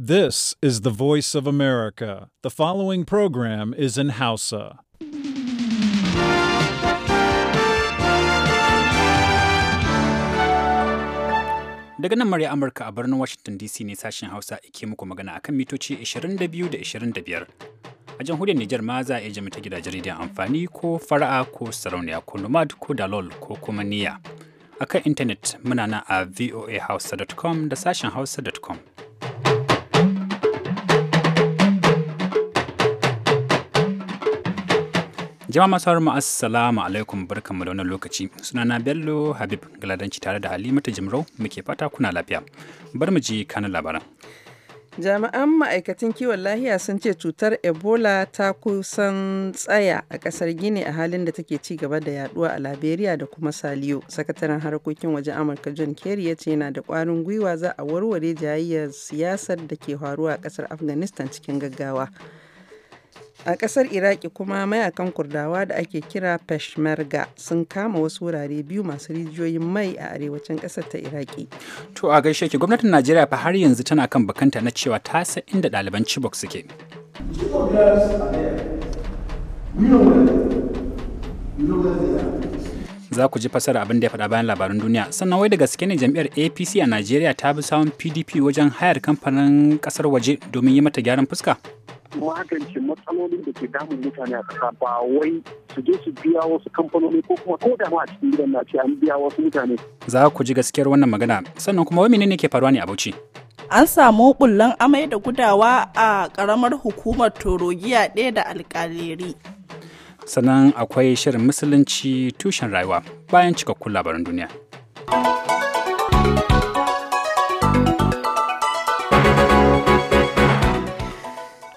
This is the voice of America. The following program is in Hausa. Daga nan murya Amurka a birnin Washington DC ne sashen Hausa ke muku magana akan mitoci 22 da 25. A jamhuriyar Nijar ma za a iya ta gidajen rediyon amfani ko fara'a ko sarauniya ko nomad ko dalol ko kuma niyya. A kan intanet muna nan a voahausa.com da sashen hausa.com. Jama'a masu harmu assalamu alaikum barkanmu da wannan lokaci. Sunana Bello Habib Galadanci tare da halimata Jimrau muke fata kuna lafiya. Bar mu ji kanan labaran. Jami'an ma'aikatan kiwon lahiya sun ce cutar Ebola ta kusan tsaya a kasar Gini a halin da take ci gaba da yaduwa a Liberia da kuma Saliyo. Sakataren harkokin waje Amurka John Kerry ya ce yana da kwarin gwiwa za a warware jayayyar siyasar da ke faruwa a kasar Afghanistan cikin gaggawa. A ƙasar Iraki kuma mayakan Kurdawa da ake kira Peshmerga sun kama wasu wurare biyu masu rijiyoyin mai a arewacin kasar ta Iraki. To a gaishe ki gwamnatin Najeriya fa har yanzu tana kan bakanta na cewa ta san inda ɗaliban Chibok suke. za ku ji fasara abin da ya faɗa bayan labarin duniya sannan wai da gaske ne jam'iyyar apc a najeriya ta bi samun pdp wajen hayar kamfanin ƙasar waje domin yi mata gyaran fuska magance matsalolin da ke damun mutane a ƙasa ba wai su je su biya wasu kamfanoni ko kuma ko da ma a cikin gidan nace an biya wasu mutane. Za ku ji gaskiyar wannan magana sannan kuma wai menene ke faruwa ne a Bauchi? an samu bullan amai da gudawa a karamar hukumar torogiya ɗaya da alkaleri sannan akwai shirin musulunci tushen rayuwa bayan cikakkun labaran duniya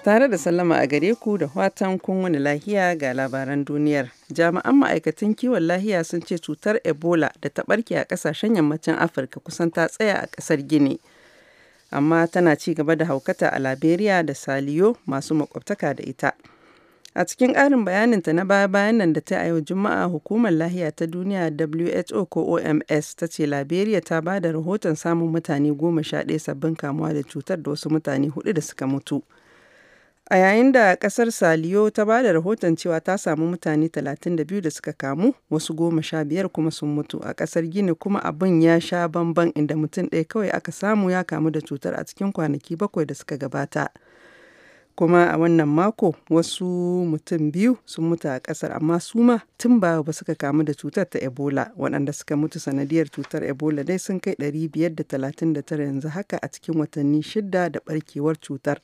Tare da sallama a gare ku da watan kun wani lahiya ga labaran duniyar. Jami'an ma'aikatan kiwon lahiya sun ce cutar Ebola da ta barke a kasashen yammacin Afirka kusan ta tsaya a kasar Gini. Amma tana ci gaba da haukata a Liberia da Saliyo masu makwabtaka da ita. A cikin ƙarin bayaninta na baya-bayan nan da ta a yau Juma'a hukumar lahiya ta duniya WHO ko OMS ta ce Liberia ta ba da rahoton samun mutane goma sha ɗaya sabbin kamuwa da cutar da wasu mutane hudu da suka mutu. A yayin da kasar Saliyo ta ba da rahoton cewa ta samu mutane 32 da suka kamu, wasu goma sha biyar kuma sun mutu. A kasar Gini kuma abin ya sha bamban inda mutum ɗaya kawai aka samu ya kamu da cutar a cikin kwanaki bakwai da suka gabata. Kuma a wannan mako wasu mutum biyu sun mutu a kasar amma su ma tun ba ba suka kamu da cutar ta Ebola. Waɗanda suka mutu sanadiyar cutar Ebola dai sun kai 539 yanzu haka a cikin watanni shida da barkewar cutar.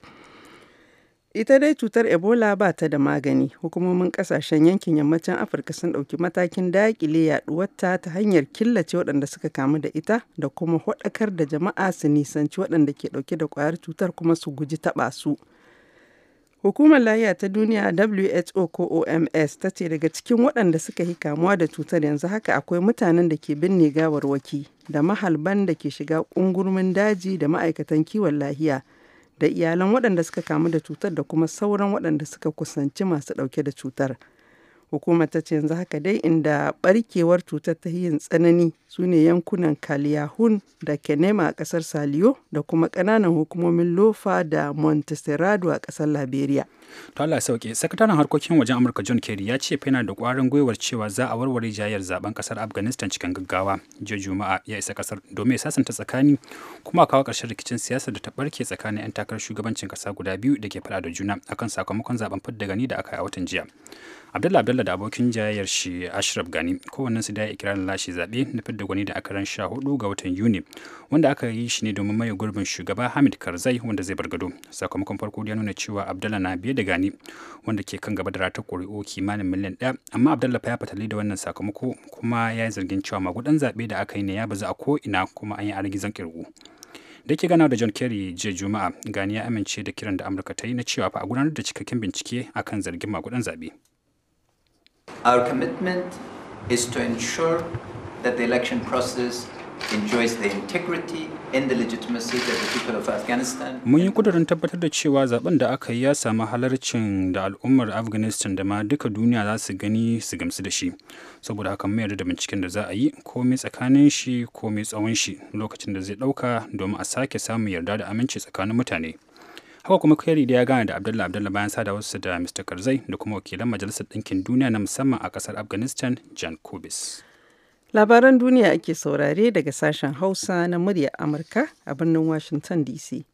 Ita dai cutar Ebola ba ta da magani, hukumomin kasashen yankin yammacin Afirka sun ɗauki matakin daƙile yaɗuwarta ta hanyar killace waɗanda suka kamu da ita da kuma hudakar da jama'a su nisanci waɗanda ke ɗauke da ƙwayar cutar kuma su guji taɓa su. Hukumar lahiya ta Duniya WHO ko OMS ta ce daga cikin waɗanda suka yi kamuwa da cutar yanzu haka akwai mutanen da ke binne gawarwaki da mahalban da ke shiga ƙungurmin daji da ma'aikatan kiwon lahiya. da iyalan waɗanda suka kamu da cutar da kuma sauran waɗanda suka kusanci masu ɗauke da cutar. Hukumar ta ce yanzu haka dai inda barkewar cutar ta yin tsanani su ne yankunan Kaliyahun da Kenema a kasar Saliyo da kuma kananan hukumomin Lofa da montserrado a kasar Liberia. To Allah sauke, sakataren harkokin wajen Amurka John Kerry ya ce yana da kwarin gwiwar cewa za a warware jayar zaben ƙasar Afghanistan cikin gaggawa. Jiya Juma'a ya isa ƙasar domin ya sasanta tsakani kuma kawo ƙarshen rikicin siyasa da ta barke tsakanin 'yan takarar shugabancin kasa guda biyu da ke faɗa da juna akan sakamakon zaben fidda gani da aka yi a watan jiya. abdullah abdullah da abokin jayayyar shi ashraf gani kowannen su da ikirarin lashe zaɓe na fidda gwani da aka ran sha hudu ga watan yuni wanda aka yi shi ne domin maye gurbin shugaba hamid karzai wanda zai bar gado sakamakon farko ya nuna cewa abdullah na biye da gani wanda ke kan gaba da rata ƙuri'u kimanin miliyan ɗaya amma abdullah fa ya fatali da wannan sakamako kuma ya yi zargin cewa magudan zaɓe da aka yi ne ya bazu a ko'ina kuma an yi argizan ƙirgu da ke ganawa da john kerry jiya juma'a gani ya amince da kiran da amurka ta yi na cewa fa a gudanar da cikakken bincike akan zargin magudan zaɓe Our commitment is to ensure that the election process enjoys the integrity and the legitimacy that the people of Afghanistan. Mun yi kudurin tabbatar da cewa zaben da aka yi ya samu halarcin da al'ummar Afghanistan da ma duka duniya za su gani su gamsu da shi. Saboda hakan mun yarda da binciken da za a yi komai tsakanin shi komai tsawon shi lokacin da zai dauka domin a sake samun yarda da aminci tsakanin mutane. haka kuma kerry da ya gane da abdulla abdulla bayan sada wasu da mr karzai da kuma wakilan majalisar ɗinkin duniya na musamman a ƙasar afghanistan jan kubis labaran duniya ake saurare daga sashen hausa na murya amurka a birnin washington dc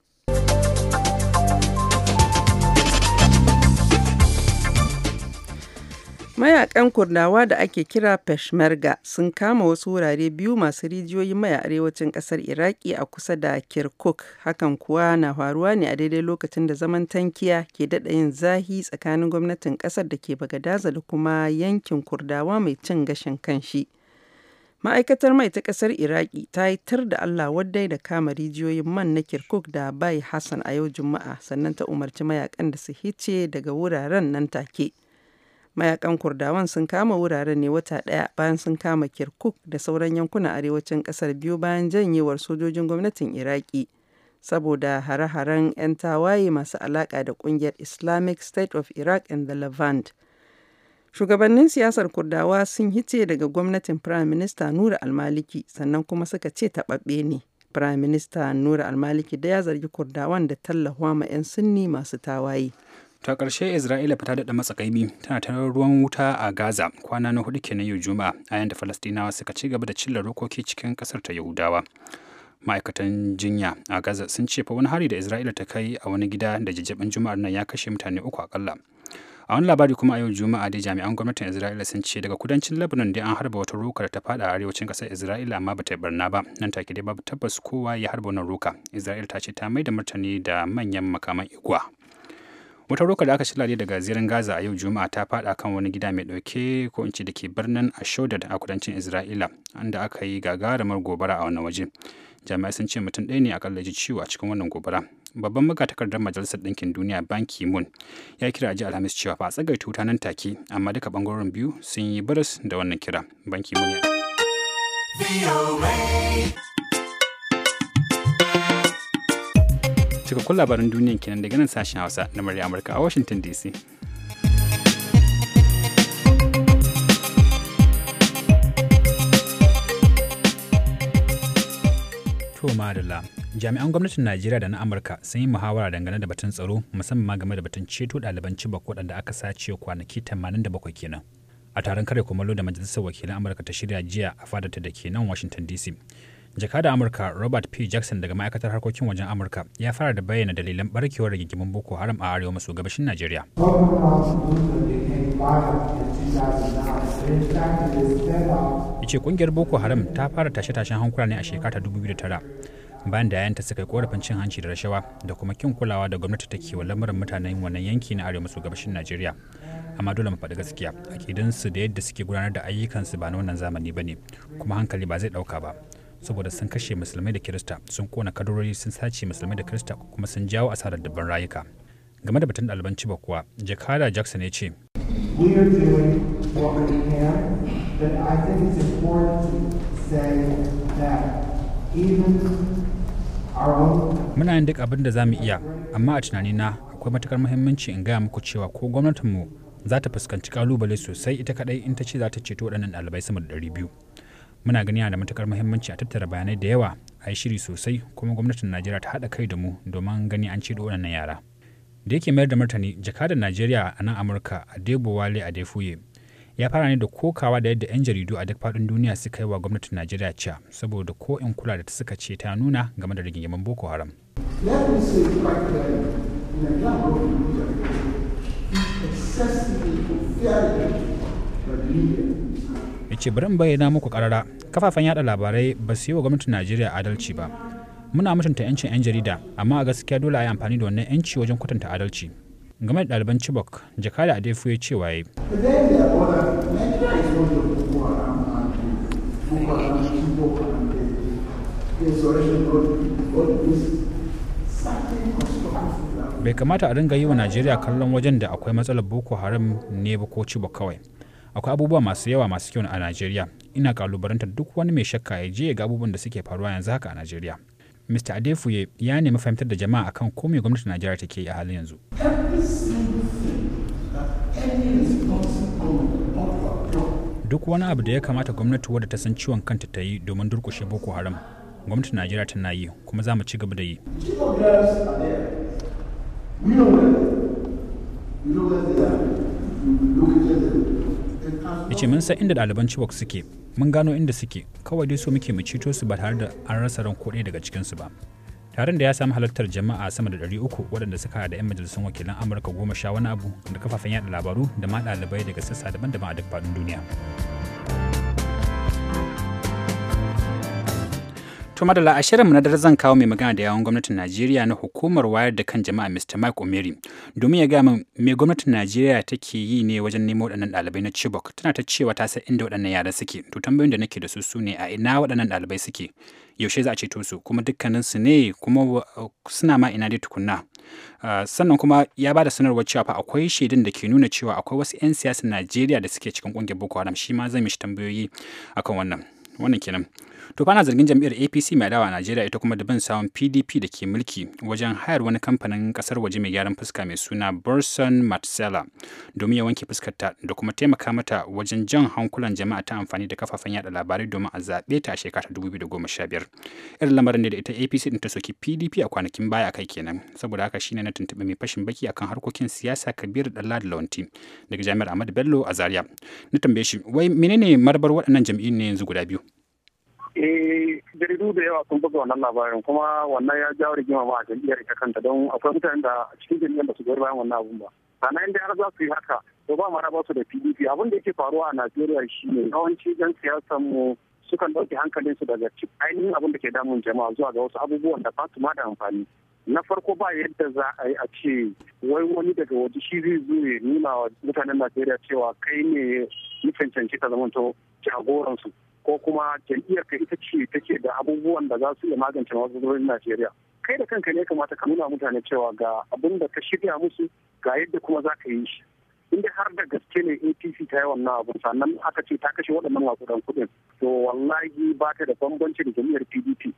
Mayakan Kurdawa da ake kira Peshmerga sun kama wasu wurare biyu masu rijiyoyin mai a arewacin ƙasar Iraki a kusa da Kirkuk, hakan kuwa na faruwa ne a daidai lokacin da zaman tankiya ke daɗa yin zahi tsakanin gwamnatin ƙasar da ke Bagadaza da kuma yankin Kurdawa mai cin gashin kanshi. Ma'aikatar mai ta ƙasar Iraki ta yi tar da Allah waddai da kama rijiyoyin man na Kirkuk da Bai Hassan a yau Juma'a, sannan ta umarci mayakan da su hice daga wuraren nan take. mayakan kurdawan sun kama wuraren ne wata ɗaya bayan sun kama kirkuk da sauran yankunan arewacin ƙasar biyu bayan janyewar sojojin gwamnatin iraki saboda hare-haren 'yan tawaye masu alaƙa da ƙungiyar islamic state of iraq and the levant shugabannin siyasar kurdawa sun hice daga gwamnatin prime minister nura almaliki sannan kuma suka ce taɓaɓɓe ne prime minister nura almaliki da ya zargi kurdawan da tallahuwa ma 'yan sunni masu tawaye ta ƙarshe isra'ila fita daɗa matsakaimi tana ta ruwan wuta a gaza kwana na hudu kenan yau juma'a a yanda falastinawa suka ci gaba da cilla rokoki cikin ƙasar ta yahudawa ma'aikatan jinya a gaza sun ce fa wani hari da isra'ila ta kai a wani gida da jajjabin juma'ar nan ya kashe mutane uku akalla a wani labari kuma a yau juma'a dai jami'an gwamnatin isra'ila sun ce daga kudancin lebanon da an harba wata roka da ta fada a arewacin ƙasar isra'ila amma bata barna ba nan take dai babu tabbas kowa ya harba wannan roka isra'ila ta ce ta mai da martani da manyan makaman igwa wata roka da aka shirya daga ziran gaza a yau juma'a ta faɗa kan wani gida mai ɗauke ko in ce da ke birnin ashodad a kudancin isra'ila inda aka yi gagarumar gobara a wannan waje jami'ai sun ce mutum ɗaya ne akalla ji ciwo a cikin wannan gobara babban magatakardar majalisar ɗinkin duniya ban ki-moon ya kira a ji alhamis cewa fa tsagar tuta nan take amma duka bangarorin biyu sun yi baras da wannan kira ban ki-moon ya cikakkun labarin duniyan kenan daga nan sashen hausa na murya amurka a washington dc to madalla jami'an gwamnatin najeriya da na amurka sun yi muhawara dangane da batun tsaro musamman ma game da batun ceto ɗaliban cibak waɗanda aka sace kwanaki 87 kenan a taron kare kumallo da majalisar wakilan amurka ta shirya jiya a fadata da ke nan washington dc jakada amurka robert p jackson daga ma'aikatar harkokin wajen amurka ya fara da bayyana dalilan barkewar rigingimin boko haram a arewa maso gabashin najeriya ya ce kungiyar boko haram ta fara tashe-tashen hankula ne a shekara ta 2009 bayan da yayanta suka yi korafin cin hanci da rashawa da kuma kin kulawa da gwamnati ta ke lamarin mutanen wannan yanki na arewa maso gabashin najeriya amma dole mu faɗi gaskiya su da yadda suke gudanar da ayyukansu ba na wannan zamani ba ne kuma hankali ba zai ɗauka ba saboda sun kashe musulmai da kirista sun kona kadurori sun sace musulmai da kirista kuma sun jawo asarar dubban rayuka game da batun ɗaliban ciba kuwa jakada jackson ya ce muna yin duk abin da za mu iya amma a tunanina akwai matukar muhimmanci in gaya muku cewa ko gwamnatinmu za ta fuskanci kalubale sosai ita kadai in ta ce za ta ceto waɗannan ɗalibai sama da 200 muna gani yana da matukar muhimmanci a tattara bayanai da yawa a yi shiri sosai kuma gwamnatin najeriya ta haɗa kai da mu domin gani an ce waɗannan yara da yake mayar da martani jakadar najeriya a nan amurka a wale a defuye ya fara ne da kokawa da yadda 'yan jaridu a duk faɗin duniya suka yi wa gwamnatin najeriya ca saboda ko in kula da ta suka ce ta nuna game da rigingimin boko haram excessively ce bari in bayyana muku karara kafafen yada labarai ba su yi wa gwamnatin najeriya adalci ba muna mutunta yancin 'yan jarida amma a gaskiya dole a yi amfani da wannan yanci wajen kwatanta adalci game da ɗaliban chibok jakada adefu ya ce waye bai kamata a ringa yi wa najeriya kallon wajen da akwai matsalar boko haram ne ba ko chibok kawai akwai abubuwa masu yawa masu kyau a Najeriya ina kalubaranta duk wani mai shakka ya je ya ga abubuwan da suke faruwa yanzu haka a Najeriya Mr. Adefuye ya nemi fahimtar da jama'a akan ko me gwamnatin Najeriya take yi a halin yanzu duk wani abu da ya kamata gwamnati wadda ta san ciwon kanta ta yi domin durkushe Boko Haram gwamnatin Najeriya tana yi kuma za mu ci gaba da yi ce mun san inda ɗaliban Chibok suke, mun gano inda suke, kawai dai so muke mu cito su ba tare da an rasa ran kuɗi daga cikin su ba. Taron da ya samu halartar jama'a sama da 300 waɗanda suka haɗa 'yan majalisun wakilan Amurka goma sha wani abu da kafafen yada labaru da ma ɗalibai daga sassa daban-daban a duk faɗin duniya. To madala a shirin na zan kawo mai magana da yawon gwamnatin Najeriya na hukumar wayar da kan jama'a Mr. Mike Omeri domin ya gama me gwamnatin Najeriya take yi ne wajen nemo waɗannan ɗalibai na Chibok tana ta cewa ta san inda waɗannan yara suke to tambayoyin da nake da su su ne a ina waɗannan ɗalibai suke yaushe za a ceto su kuma dukkanin su ne kuma uh, suna ma ina dai tukunna uh, sannan kuma ya ba da sanarwar cewa fa akwai shaidun da ke nuna cewa akwai wasu 'yan siyasar Najeriya da suke cikin ƙungiyar Boko Haram shi ma zai mishi tambayoyi akan wannan wannan kenan to bana zargin jam'iyyar apc mai a najeriya ita kuma da bin sawun pdp da ke mulki wajen hayar wani kamfanin kasar waje mai gyaran fuska mai suna burson matsala domin ya wanke fuskarta da kuma taimaka mata wajen jan hankulan jama'a ta amfani da kafafen yaɗa labarai domin a zaɓe ta a shekara ta biyar irin lamarin ne da ita apc ɗin ta soki pdp a kwanakin baya a kai kenan saboda haka shine na tuntuɓe mai fashin baki akan harkokin siyasa kabir da lawanti daga jami'ar ahmad bello a zaria na tambaye shi wai menene marbar waɗannan jam'iyyun ne yanzu guda biyu Eh, jaridu da yawa sun buga wannan labarin kuma wannan ya jawo rigima ma a jam'iyyar ita kanta don akwai mutanen da a cikin jam'iyyar ba su goyi bayan wannan abun ba. Sannan inda har za su yi haka to ba mara ba su da PDP abin da yake faruwa a Najeriya shi ne yawanci yan siyasan mu sukan ɗauke su daga ainihin abin da ke damun jama'a zuwa ga wasu abubuwan da ba su ma da amfani. na farko ba yadda za a yi a ce wai wani daga waje shi zai zo ya nuna wa mutanen najeriya cewa kai ne ya cancanci ta zamanto jagoransu ko kuma jam'iyyar ka ita ce take da abubuwan da za su iya magance matsalolin Najeriya. Kai da kanka ne kamata ka nuna mutane cewa ga abin da ka shirya musu ga yadda kuma za ka yi shi. in dai har da gaske ne APC ta yi wannan abu sannan aka ce ta kashe waɗannan dan kuɗin to wallahi ba ta da bambanci da jam'iyyar PDP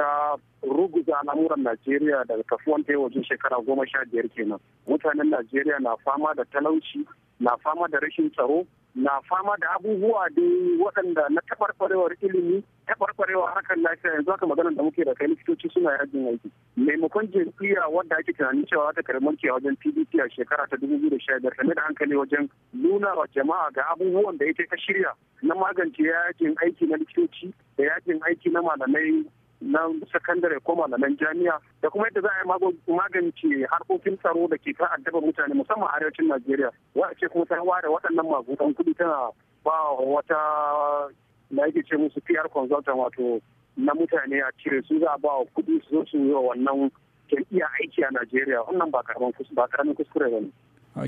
ta ruguza al'amuran Najeriya daga kafuwan ta wajen shekara goma sha biyar kenan. Mutanen Najeriya na fama da talauci, na fama da rashin tsaro, na fama da abubuwa da waɗanda na taɓarɓarewar ilimi, taɓarɓarewar harkar lafiya yanzu haka maganar da muke da kai likitoci suna yajin aiki. Maimakon jam'iyya wadda ake tunanin cewa ta karɓi mulki a wajen PDP a shekara ta dubu biyu da sha biyar da hankali wajen nuna wa jama'a ga abubuwan da ita ta shirya na magance yajin aiki na likitoci da yajin aiki na malamai na sakandare ko malaman jami'a da kuma yadda za a yi magance harkokin tsaro da ke ta'addabar mutane musamman arewacin najeriya ce kuma ta ware waɗannan magudan kuɗi tana ba wata na yake ce musu pr consultant wato na mutane a cire su za a ba wa kuɗi su zo su yi wa wannan jam'iyya aiki a najeriya wannan ba karamin kuskure ba ne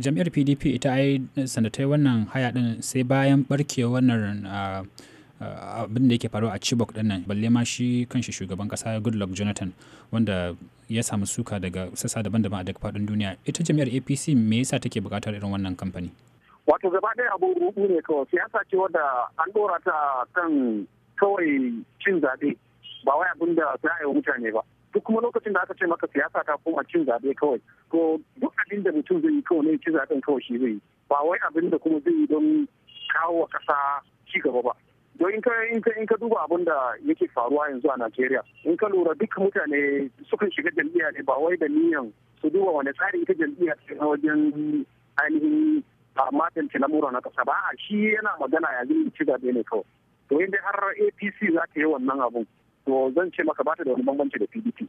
jam'iyyar pdp ita ai sanatai wannan haya din sai bayan barkewar wannan ah, abin da yake faruwa a chibok din nan balle ma shi kanshi shugaban kasa goodluck jonathan wanda ya samu suka daga sassa daban-daban a duk faɗin duniya ita jami'ar apc me yasa take buƙatar irin wannan kamfani wato gaba ɗaya abu rubu ne kawai siyasa ce wadda an dora ta kan kawai cin zaɓe ba wai abin da za a yi mutane ba duk kuma lokacin da aka ce maka siyasa ta koma cin zaɓe kawai to duk abin da mutum zai yi kawai ne cin zaɓen kawai shi zai yi ba wai abin da kuma zai yi don kawo wa ƙasa ci gaba ba don in ka in ka duba abin da yake faruwa yanzu a Najeriya in ka lura duk mutane sukan shiga jam'iyya ne ba wai da niyan su duba wani tsari ita jam'iyya ce na wajen ainihin a ah, magance lamura na kasa ba shi yana magana ya zai ci zaɓe ne kawai to inda har APC za ta yi wannan abun to zan ce maka ba ta da wani bambanci da PDP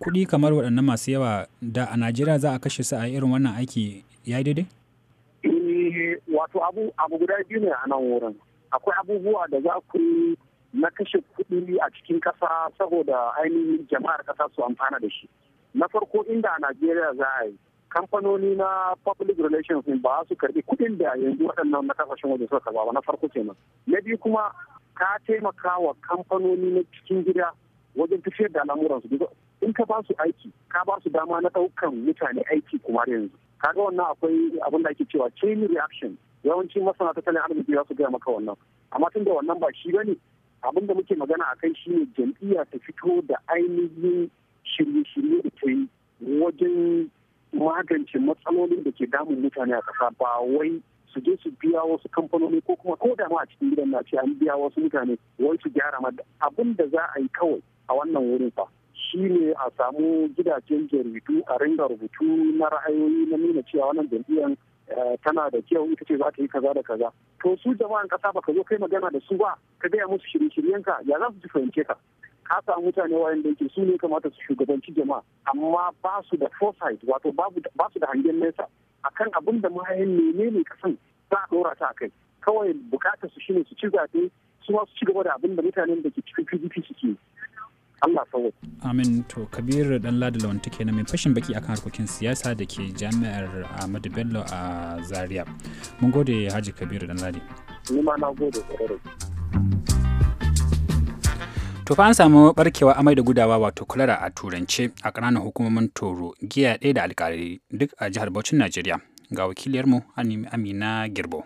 kuɗi kamar waɗannan masu yawa da a Najeriya za a kashe su a irin wannan aiki ya yi daidai? Eh, wato abu abu guda biyu ne a nan wurin akwai abubuwa da za ku yi na kashe kuɗi a cikin ƙasa saboda ainihin jama'ar ƙasa su amfana da shi na farko inda a najeriya za a yi kamfanoni na public relations ba su karbi kuɗin da yanzu waɗannan na kasashen waje suka karba ba na farko kenan na biyu kuma ka taimaka wa kamfanoni na cikin gida wajen tafiyar da al'amuransu in ka ba su aiki ka ba su dama na ɗaukan mutane aiki kuma yanzu kaga wannan akwai abin da ake cewa chain reaction yawancin masana tattalin arziki za su gaya maka wannan amma tun da wannan ba shi bane abin da muke magana a kai shine jam'iyya ta fito da ainihin shirye-shirye da ta yi wajen magance matsalolin da ke damun mutane a ƙasa ba wai su je su biya wasu kamfanoni ko kuma ko da a cikin gidan na ce an biya wasu mutane wai su gyara ma abin da za a yi kawai a wannan wurin fa shi ne a samu gidajen jaridu a ringa rubutu na ra'ayoyi na nuna cewa wannan jam'iyyar Eh, tana da kyau ita ce za ta yi kaza da kaza to su jama'an kasa ka zo kai magana da su ba ka gaya musu shirye ka ya za su fahimce ka ka samu mutane wayan yake su ne kamata su shugabanci jama'a amma ba su da foresight wato ba su da hangen nesa akan abin da mahayin menene kasan za a dora ta kai kawai bukatar su shine su ci zaɓe su ma su ci gaba da abin da mutanen da ke cikin pdp suke Allah sauwa. Amin to Kabir dan Ladi kenan mai fashin baki akan harkokin siyasa da ke jami'ar Ahmadu Bello a Zaria. Mun gode Haji Kabir dan Ladi. Ni ma na gode To fa an samu barkewa amai da gudawa wato kulara a turance a ƙananan hukumomin Toro, giya ɗaya da alƙalai duk a jihar Bauchin Najeriya. Ga wakiliyarmu Amina Girbo.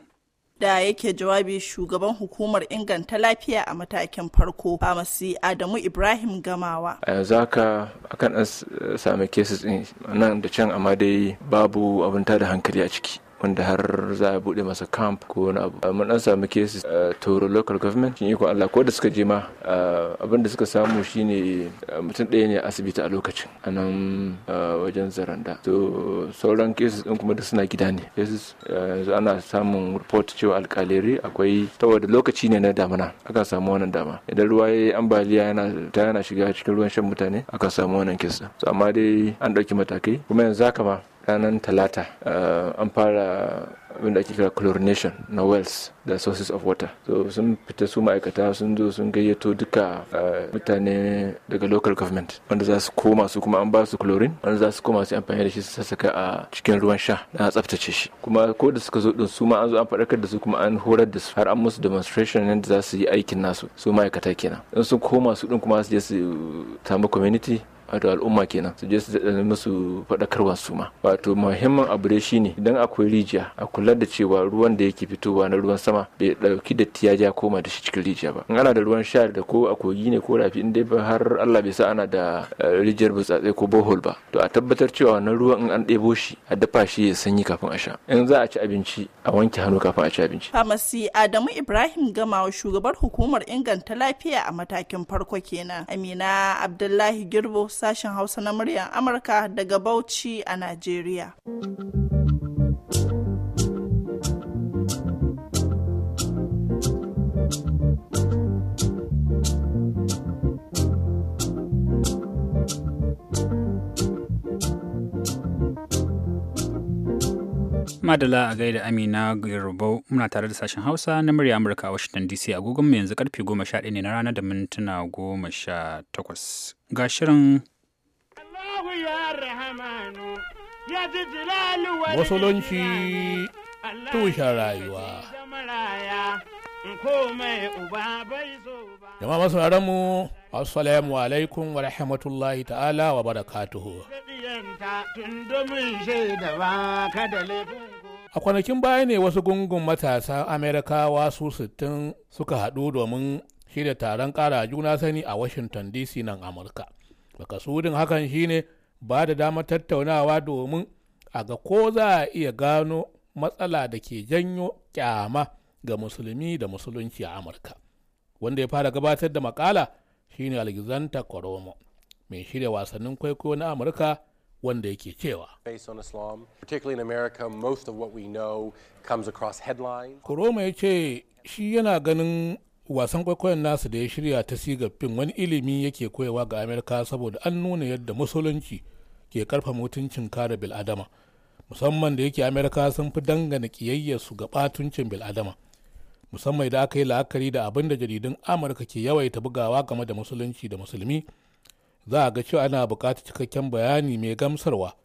da yake jawabi shugaban hukumar inganta lafiya a matakin farko famasi adamu ibrahim gamawa a yanzu haka akan an sami cases nan da can amma dai babu abin da hankali a ciki wanda har za a buɗe masa camp ko wani abu mun an samu kesi. a uh, local government shin iko Allah ko da suka je ma uh, abin da suka samu shine uh, mutum ɗaya ne asibiti a lokacin Anan wajen zaranda to sauran cases din kuma da suna gida ne cases yanzu ana samun report cewa alkalere akwai da lokaci ne na damana aka samu wannan dama idan ruwa ya ambaliya yana ta yana shiga cikin ruwan shan mutane aka samu wannan kisa amma dai an ɗauki matakai kuma yanzu haka ma ranar talata eh, an fara abin da ake kira chlorination na wells da sources of water so sun fita su ma'aikata sun zo sun gayyato duka eh, mutane daga local government wanda za su koma su kuma an ba su chlorine wanda za su koma su amfani da shi su sassaka a cikin ruwan sha na tsaftace shi kuma ko da suka zo din su ma an zo an faɗakar da su kuma an horar da su har an musu demonstration yadda za su yi aikin nasu su ma'aikata kenan in sun koma su din kuma su je su samu community wato al'umma kenan su je su da musu faɗakarwa su ma wato muhimmin abu dai shine idan akwai rijiya a kula da cewa ruwan da yake fitowa na ruwan sama bai ɗauki datti ya ja koma da shi cikin rijiya ba in ana da ruwan sha da ko a kogi ne ko rafi in dai har Allah bai sa ana da eh, rijiyar burtsatsai ko bohol ba to a tabbatar cewa wannan ruwan in an ɗebo shi a dafa shi ya sanyi kafin a sha in za a ci abinci a wanke hannu kafin a ci abinci. Famasi Adamu Ibrahim Gamawa shugabar hukumar inganta lafiya a matakin farko kenan Amina Abdullahi Girbo sashen Hausa na muryar Amurka daga Bauchi a Najeriya. Madala a gaida Amina Girbau muna tare da sashen Hausa na murya Amurka a Washington DC agogon mu yanzu karfe 11 ne na rana da mintuna 18 ga shirin Musulunci tushen rayuwa. Jama'a masu mu Assalamu alaikum wa rahmatullahi ta'ala wa barakatuhu. A kwanakin baya ne wasu gungun matasa Amerikawa su sittin suka haɗu domin shirya taron kara juna sani a washington dc nan amurka makasudin hakan shine ba da damar tattaunawa domin a ga ko za a iya gano matsala da ke janyo kyama ga musulmi da musulunci a amurka wanda ya fara gabatar da makala shine alexander koromo mai shirya wasannin kwaikwayo na amurka wanda yake cewa koromo ya ce shi yana ganin wasan kwaikwayon nasu da ya shirya ta sigabbin wani ilimi yake koyawa ga amurka saboda an nuna yadda musulunci ke karfa mutuncin kare bil'adama musamman da yake amurka sun fi dangana kiyayyarsu ga batuncin bil'adama musamman da aka yi la'akari da abin da jaridun amurka ke yawaita bugawa game da musulunci da musulmi za a ga cewa ana buƙatar cikakken bayani mai gamsarwa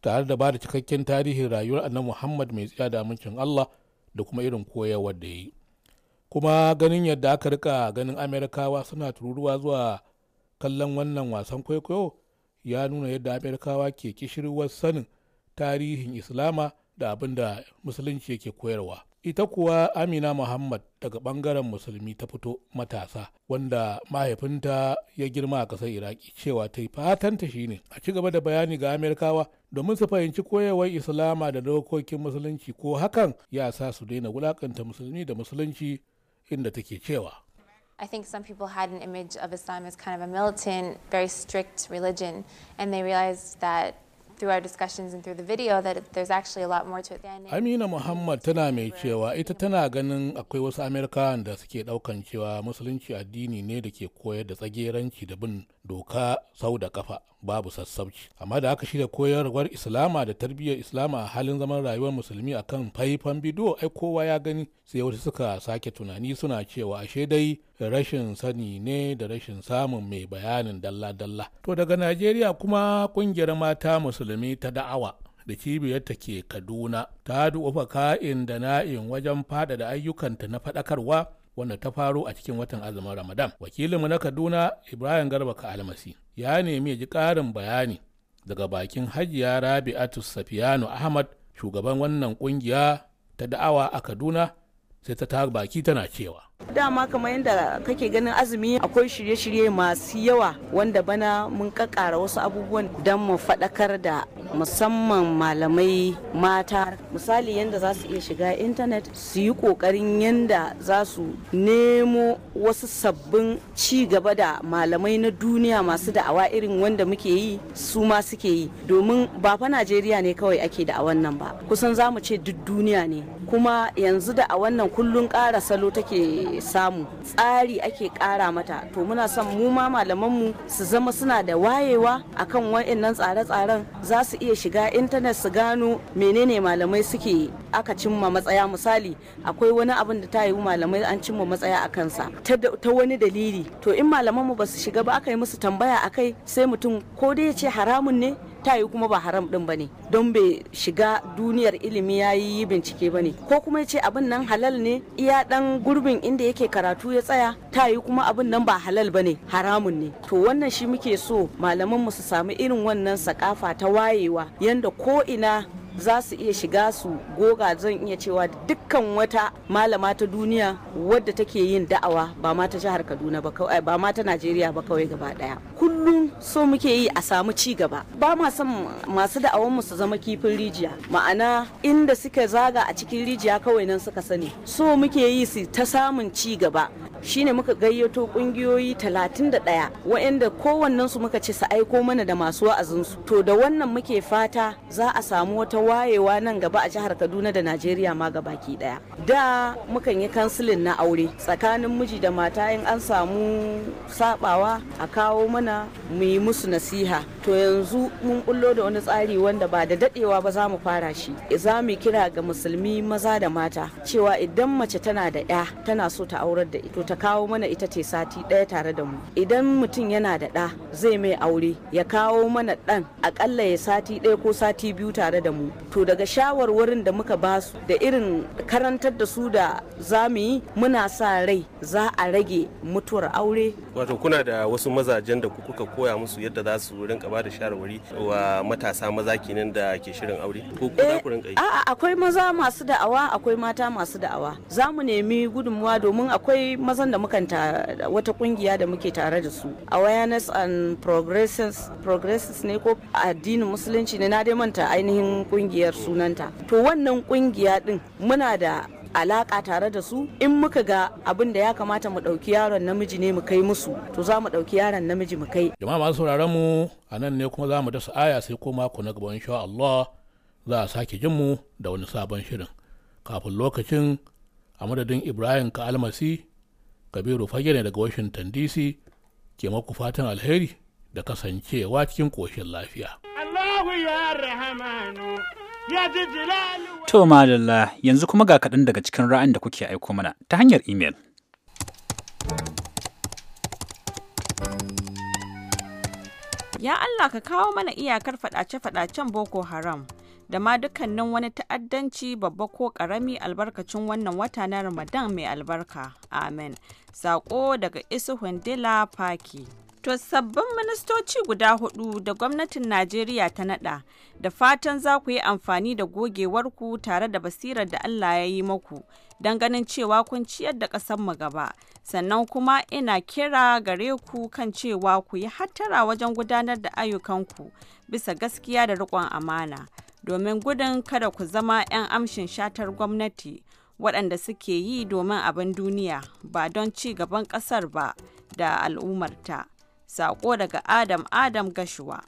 tare da ba da cikakken tarihin rayuwar annabi muhammad mai tsiya da amincin allah da kuma irin koyarwar da ya yi kuma ganin yadda aka rika ganin amerikawa suna tururuwa zuwa kallon wannan wasan kwaikwayo ya nuna yadda amerikawa ke kishirwar sanin tarihin islama da abin da musulunci ke koyarwa ita kuwa amina muhammad daga bangaren musulmi ta fito matasa wanda mahaifinta ya girma a kasar iraki cewa ta yi fatanta shine a ci gaba da bayani ga amerikawa domin su fahimci koyarwar islama da dokokin musulunci ko hakan ya sa su daina wulakanta musulmi da musulunci inda take cewa I think some people had an image of Islam as kind of a militant, very strict religion, and they realized that through our discussions and through the video that there's actually a lot more to it. Amina Muhammad tana mai cewa ita tana ganin akwai wasu Amerikawan da suke daukan cewa musulunci addini ne da ke koyar da tsageranci da bin doka sau da kafa babu sassauci amma da aka shirya koyarwar islama da tarbiyyar islama a halin zaman rayuwar musulmi akan faifan bidiyo ai kowa ya gani sai wasu suka sake tunani suna cewa ashe dai rashin sani ne da rashin samun mai bayanin dalla-dalla to daga najeriya kuma kungiyar mata musulmi ta da'awa da cibiyar ta ke kaduna ta duba ka'in da na'in wajen faɗaɗa ayyukanta na faɗakarwa wanda ta faro a cikin watan azumin Ramadan. Wakilinmu na Kaduna Ibrahim Garba ka almasi ya nemi ya ji ƙarin bayani daga bakin Hajiya Rabi'atu Safiyanu Ahmad shugaban wannan kungiya ta da'awa a Kaduna sai ta ta baki tana cewa dama kamar yadda kake ganin azumi akwai shirye-shirye masu yawa wanda bana mun kakara wasu abubuwan don mu faɗakar da musamman malamai mata misali yadda za su iya shiga intanet su yi ƙoƙarin yadda za su nemo wasu sabbin ci gaba da malamai na duniya masu da'awa irin wanda muke yi su ma suke yi domin ba fa najeriya ne kawai ake da a wannan ba kusan za mu ce duk duniya ne kuma yanzu da a wannan kullun ƙara salo take samu tsari ake kara mata to muna son mu ma malamanmu su zama suna da wayewa akan wa'annan tsare-tsaren za su iya shiga intanet su gano menene malamai suke aka cimma matsaya misali akwai wani abin da ta yi malamai an cimma matsaya a kansa ta wani dalili to in malaman mu ba su shiga ba aka yi musu tambaya a kai sai mutum ko dai ya ce haramun ne ta yi kuma ba haram din ba ne don bai shiga duniyar ilimi ya yi bincike ba ne ko kuma ya ce abin nan halal ne iya dan gurbin inda yake karatu ya tsaya ta yi kuma abin nan ba halal ba ne haramun ne to wannan shi muke so malaman mu su sami irin wannan sakafa ta wayewa yanda ko ina za su iya shiga su goga zan iya cewa dukkan wata malama ta duniya wadda take yin da'awa ba ma ta jihar kaduna ba kawai ba ma ta najeriya ba kawai gaba daya kullum so muke yi a samu ci gaba ba ma son masu da'awan mu su zama kifin rijiya ma'ana inda suka zaga a cikin rijiya kawai nan suka sani so muke yi su ta samun ci gaba shine muka gayyato kungiyoyi 31 waɗanda kowannensu muka ce su aiko mana da masu wa'azinsu to da wannan muke fata za a samu wata wayewa nan gaba a jihar Kaduna da Najeriya ma gabaki daya. Da mukan yi kansilin na aure tsakanin miji da mata in an samu sabawa a kawo mana mu yi musu nasiha. To yanzu mun bullo da wani tsari wanda ba da dadewa ba za mu fara shi. Za mu kira ga musulmi maza da mata cewa idan mace tana da ya tana so ta aurar da ita ta kawo mana ita ce sati daya tare da mu. Idan mutum yana da ɗa zai mai aure ya kawo mana ɗan akalla ya sati ɗaya ko sati biyu tare da mu to daga shawarwarin da muka ba su da irin karantar da su da za mu yi muna sa rai za a rage mutuwar aure wato kuna da wasu mazajen da kuka koya musu yadda za su rinka ba da shawarwari wa matasa maza kenan da ke shirin aure ko kuna ku eh, rinka yi a'a akwai maza masu da'awa akwai mata masu da'awa za mu nemi gudunmuwa domin akwai mazan da muka wata kungiya da muke tare da su awareness and progresses progresses ne ko addinin musulunci ne na dai manta ainihin kungiya kungiyar sunanta to wannan kungiya din muna da alaka tare da su in muka ga abin da ya kamata mu ɗauki yaron namiji ne mu kai musu to za mu ɗauki yaron namiji mu kai jama'a masu sauraron mu a nan ne kuma za mu dasa aya sai ko mako na gaba insha Allah za a sake jin mu da wani sabon shirin kafin lokacin a madadin Ibrahim ka almasi Kabiru fage ne daga Washington DC ke maku fatan alheri da kasancewa cikin koshin lafiya. To lalla, yanzu kuma ga kaɗan daga cikin ra'ayin da kuke aiko mana ta hanyar imel. Ya Allah ka kawo mana iyakar faɗace-faɗacen Boko Haram da ma dukkanin wani ta'addanci babba ko ƙarami albarkacin wannan wata na Ramadan mai albarka. Amen. Sako daga Isu Hundila Faki. To sabbin ministoci guda hudu da gwamnatin Najeriya ta nada da fatan za ku yi amfani da gogewarku tare da basirar da Allah ya yi maku don ganin cewa kun ciyar da mu gaba. Sannan kuma ina kira gare ku kan cewa ku yi hattara wajen gudanar da ayyukanku bisa gaskiya da riƙon amana domin gudun kada ku zama 'yan amshin shatar gwamnati. waɗanda suke yi domin abin duniya ba don ci gaban ƙasar ba da al'ummarta. Sako daga Adam Adam Gashuwa.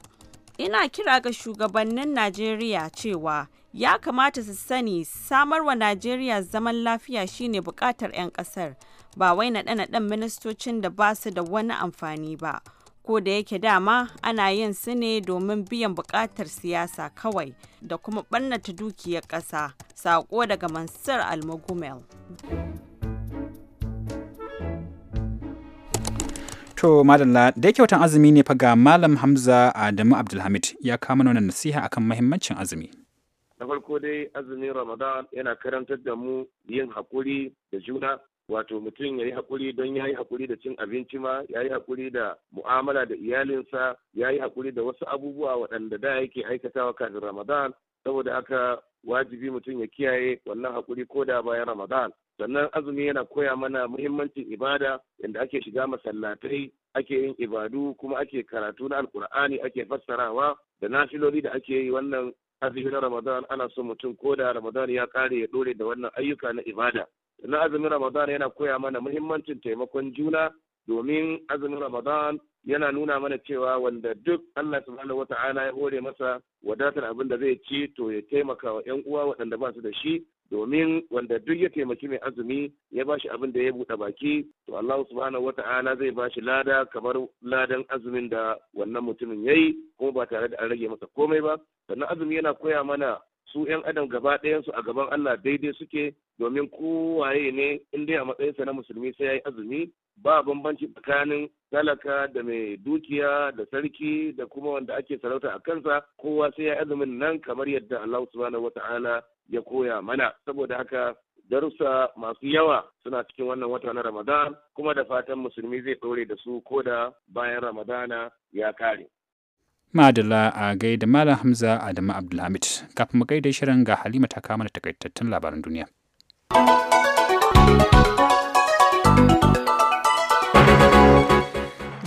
Ina kira ga shugabannin Najeriya cewa ya kamata su sani samarwa Najeriya zaman lafiya shine bukatar 'yan kasar ba wai naɗe dan ministocin da ba su da wani amfani ba. Ko da yake dama ana yin su ne domin biyan bukatar siyasa kawai da kuma ɓannata dukiyar ƙasa. Sako daga Mansur almagumel To madalla da yake azumi ne fa ga Malam Hamza Adamu Abdulhamid ya kama nuna nasiha akan mahimmancin azumi. Na farko dai azumin Ramadan yana karantar da mu yin haƙuri da juna wato mutum ya yi haƙuri don ya yi haƙuri da cin abinci ma ya yi haƙuri da mu'amala da iyalinsa ya yi haƙuri da wasu abubuwa waɗanda da yake aikatawa kafin Ramadan saboda haka wajibi mutum ya kiyaye wannan hakuri ko da bayan ramadan sannan azumi yana koya mana muhimmancin ibada yadda ake shiga masallatai ake yin ibadu kuma ake karatu na alkur'ani ake fassarawa da nafiloli da ake yi wannan azumi na ramadan ana so mutum ko da ramadan ya kare ya dore da wannan ayyuka na ibada sannan azumin ramadan yana koya mana muhimmancin taimakon juna domin azumin ramadan yana nuna mana cewa wanda duk Allah subhanahu wata'ala ya hore masa wadatar abin da zai ci to ya taimaka wa ƴan uwa waɗanda ba su da shi domin wanda duk ya taimaki mai azumi ya ba shi abin da ya buɗe baki to Allah subhanahu wata'ala zai ba shi lada kamar ladan azumin da wannan mutumin yayi kuma ba tare da an rage masa komai ba sannan azumi yana koya mana su 'yan adam gaba ɗayansu a gaban Allah daidai suke domin kowaye ne in dai a matsayinsa na musulmi sai ya yi azumi ba bambanci tsakanin talaka da mai dukiya da sarki da kuma wanda ake sarauta a kansa kowa sai ya azumin nan kamar yadda Allah subhanahu wata'ala ya koya mana saboda haka darussa masu yawa suna cikin wannan wata na Ramadan kuma da fatan musulmi zai ɗore da su ko da bayan Ramadana ya kare. Madalla a gaida Malam Hamza Adamu Abdulhamid kafin mu gaida shirin ga Halima ta kama da takaitattun labaran duniya.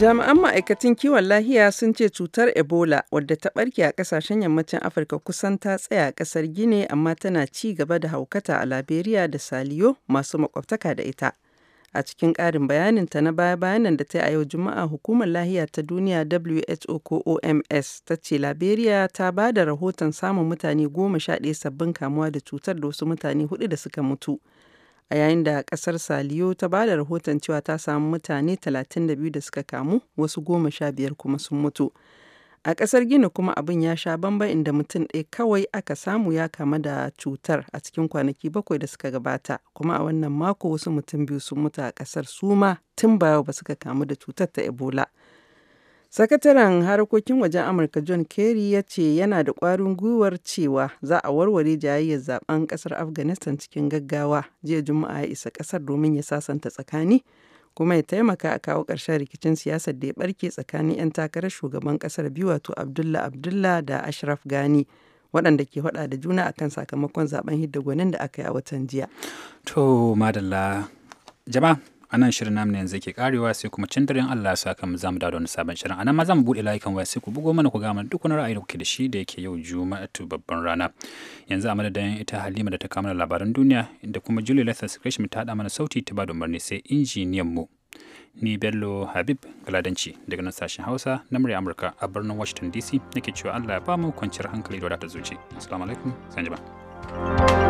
Jami'an ma'aikatan kiwon lahiya sun ce cutar Ebola wadda ta barke a kasashen yammacin Afirka kusan ta tsaya a kasar Gine amma tana ci gaba da haukata a Liberia da Saliyo masu makwabtaka da ita. A cikin ƙarin bayaninta na baya-bayanan da ta yi a yau Juma'a hukumar lahiya ta duniya WHO ko OMS ta ce Liberia ta ba da rahoton samun mutane goma sha ɗaya sabbin kamuwa da cutar da wasu mutane hudu da suka mutu. a yayin da kasar saliyo ta ba da rahoton cewa ta samu mutane 32 da suka kamu wasu goma sha biyar kuma sun mutu a kasar gini kuma abin ya sha bamba inda mutum ɗaya kawai aka samu ya kama da cutar a cikin kwanaki bakwai da suka gabata kuma a wannan mako wasu mutum biyu sun mutu a kasar suma tun ba ba suka kamu da cutar ta ebola Sakataren harkokin wajen Amurka John Kerry ya ce yana da ƙwarin gwiwar cewa za a warware jayayyar zaben ƙasar Afghanistan cikin gaggawa jiya Juma'a ya isa ƙasar domin ya sasanta tsakani kuma ya taimaka a kawo ƙarshen rikicin siyasar da ya ɓarke tsakanin 'yan takarar shugaban ƙasar biyu wato Abdullah Abdullah da Ashraf gani waɗanda ke faɗa da juna akan sakamakon zaben hidda gwanin da aka yi a watan jiya. To, madalla, jama'a. a shirin namu yanzu ke karewa sai kuma can daren Allah sa kan zamu dawo da sabon shirin a nan ma zamu bude layukan waya sai ku bugo mana ku ga mana duk wani ra'ayi da kuke da shi da yake yau juma'a to babban rana yanzu a madadin ita Halima da ta kama labaran duniya da kuma Julie Lethal Secretion ta hada mana sauti ta ba da umarni sai injiniyan mu ni Bello Habib Galadanci daga nan sashen Hausa na murya Amurka a birnin Washington DC nake cewa Allah ya ba mu kwanciyar hankali da wadatar zuci assalamu alaikum sanjiba thank you